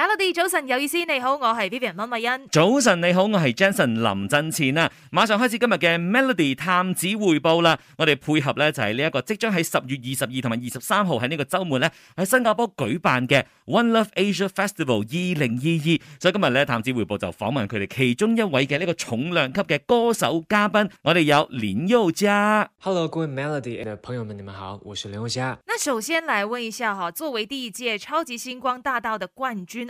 Melody 早晨有意思，你好，我係 Vivian 溫慧欣。早晨你好，我係 Jason 林振前啊！馬上開始今日嘅 Melody 探子回報啦！我哋配合咧就係呢一個即將喺十月二十二同埋二十三號喺呢個周末咧喺新加坡舉辦嘅 One Love Asia Festival 二零二二，所以今日咧探子回報就訪問佢哋其中一位嘅呢個重量級嘅歌手嘉賓，我哋有林宥嘉。Hello, 各位 Melody 嘅，朋友們你們好，我是林宥嘉。那首先來問一下哈，作為第一屆超級星光大道嘅冠軍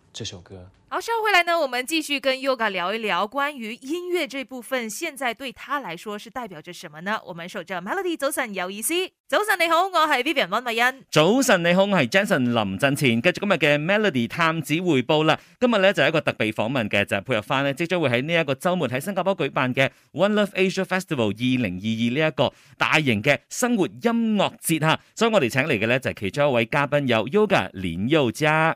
這首歌好。收回來呢，我們繼續跟 Yoga 聊一聊關於音樂這部分，現在對他來說是代表着什麼呢？我們守着 Melody，早晨有意思。早晨你好，我係 Vivian 溫美欣，早晨你好，我係 Jason 林振前，繼續今日嘅 Melody 探子匯報啦。今日咧就係、一個特別訪問嘅，就係、配合翻呢，即將會喺呢一個週末喺新加坡舉辦嘅 One Love Asia Festival 二零二二呢一個大型嘅生活音樂節哈，所以我哋請嚟嘅咧就係、其中一位嘉賓有 Yoga 林宥嘉。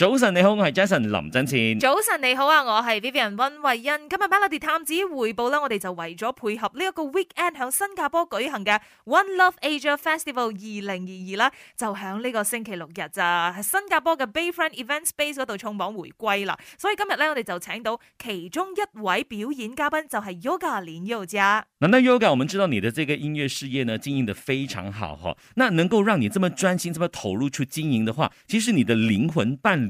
早晨你好，我係 Jason 林真倩，早晨你好啊，我係 Vivian 溫慧欣。今日 Melody 探子回報啦，我哋就為咗配合呢一個 weekend 響新加坡舉行嘅 One Love Asia Festival 二零二二啦，就響呢個星期六日咋？新加坡嘅 Bayfront Event Space 度重磅回歸啦。所以今日咧，我哋就請到其中一位表演嘉賓就，就係 Yoga 林宥嘉。嗱，那 Yoga，我們知道你的這個音樂事業呢經營得非常好，嗬，那能夠讓你這麼專心，這麼投入去經營的話，其實你的靈魂伴侶。